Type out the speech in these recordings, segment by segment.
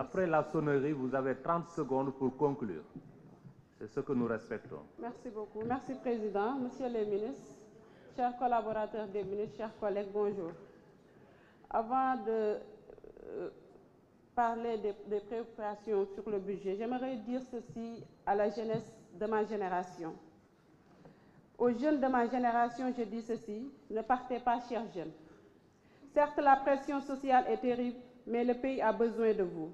Après la sonnerie, vous avez 30 secondes pour conclure. C'est ce que nous respectons. Merci beaucoup. Merci, Président. Monsieur le ministre, chers collaborateurs des ministres, chers collègues, bonjour. Avant de euh, parler des, des préoccupations sur le budget, j'aimerais dire ceci à la jeunesse de ma génération. Aux jeunes de ma génération, je dis ceci, ne partez pas, chers jeunes. Certes, la pression sociale est terrible, mais le pays a besoin de vous.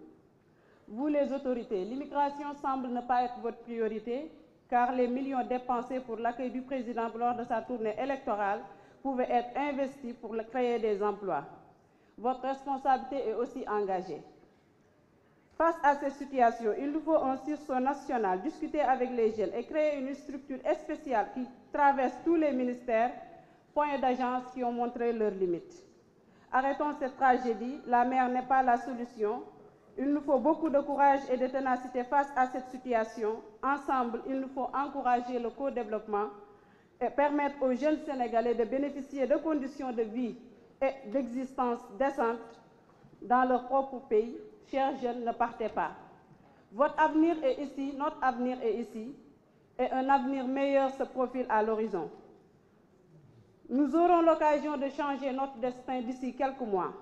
vous les autorités, l'immigration semble ne pas être votre priorité car les millions dépensés pour l'accueil du président lors de sa tournée électorale pouvaient être investis pour créer des emplois. Votre responsabilité est aussi engagée. Face à cette situation, il nous faut un sursaut national, discuter avec les jeunes et créer une structure spéciale qui traverse tous les ministères, points d'agence qui ont montré leurs limites. Arrêtons cette tragédie, la mer n'est pas la solution, Il nous faut beaucoup de courage et de ténacité face à cette situation. Ensemble, il nous faut encourager le co-développement et permettre aux jeunes Sénégalais de bénéficier de conditions de vie et d'existence décentes dans leur propre pays. Chers jeunes, ne partez pas. Votre avenir est ici, notre avenir est ici, et un avenir meilleur se profile à l'horizon. Nous aurons l'occasion de changer notre destin d'ici quelques mois.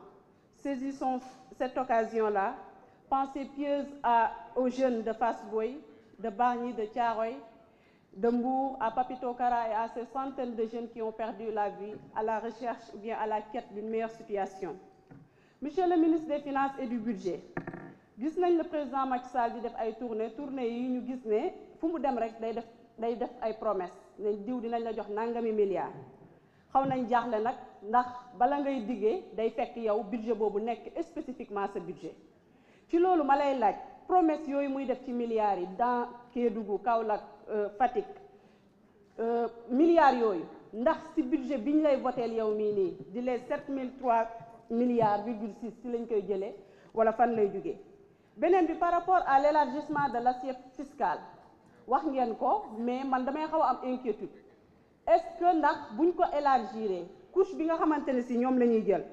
Saisissons cette occasion-là Pensée pieuse à, aux jeunes de Fasboy, de Barni, de Tiaroy, de Mbourg, à Papitokara et à ces de jeunes qui ont perdu la vie à la recherche ou bien à la quête d'une meilleure situation. Monsieur le ministre des Finances et du Budget, gis nañ le président Macky Sall di def ay tournée tournée yi ñu gis ne fu mu dem rek day def day def ay promesse ne diw dinañ la jox nangami milliards xaw nañ jaaxle nag ndax bala ngay diggee day fekk yow budget boobu nekk spécifiquement sa budget ci loolu ma lay laaj promesse yooyu muy def ci milliards yi dans Kédougou Kaolack euh, Fatick euh, milliards yooyu ndax si budget bi ñu lay voteel yow mii nii di les sept mille trois milliards virgule six si lañ koy jëlee wala fan lay jógee beneen bi par rapport à l' élargissement de l' assiette fiscale wax ngeen ko mais man damay xaw a am inquiétude est ce que ndax buñ ko élargiré couche bi nga xamante ne si ñoom la ñuy jël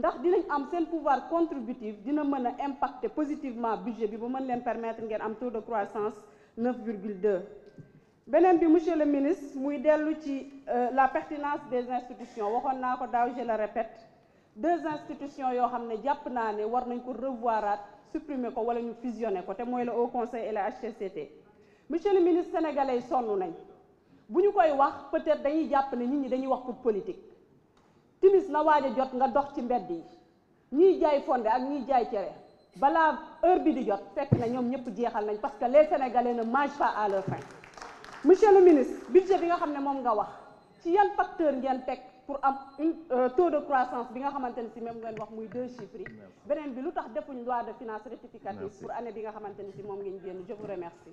ndax dinañ am seen pouvoir contributive dina mën a impacter positivement budget bi ba mën leen permettre ngeen am taux de croissance 9,2 beneen bi monsieur le ministre muy dellu ci euh, la pertinence des institutions waxoon naa ko daaw je le répète deux institutions yoo xam ne jàpp naa ne war nañ ko revoiraat supprimer ko wala ñu fusionner ko te mooy le haut conseil et le HCCT monsieur le ministre sénégalais yi sonn nañ bu ñu koy wax peut-être dañuy jàpp nit ñi dañuy wax politique timis na waaj a jot nga dox ci mbedd yi ñiy jaay fonde ak ñiy jaay cere balaa heure bi di jot fekk na ñoom ñëpp jeexal nañ parce que les sénégale na mangent pas à leur faim monsieur le ministre budget bi nga xam ne moom nga wax ci yan facteur ngeen teg pour am euh, taux de croissance bi nga xamante ne si même ngeen wax muy deux chiffres beneen bi lu tax defuñ loi de finances rectificative pour année bi nga xamante ne si moom ngeen génn je vous remercie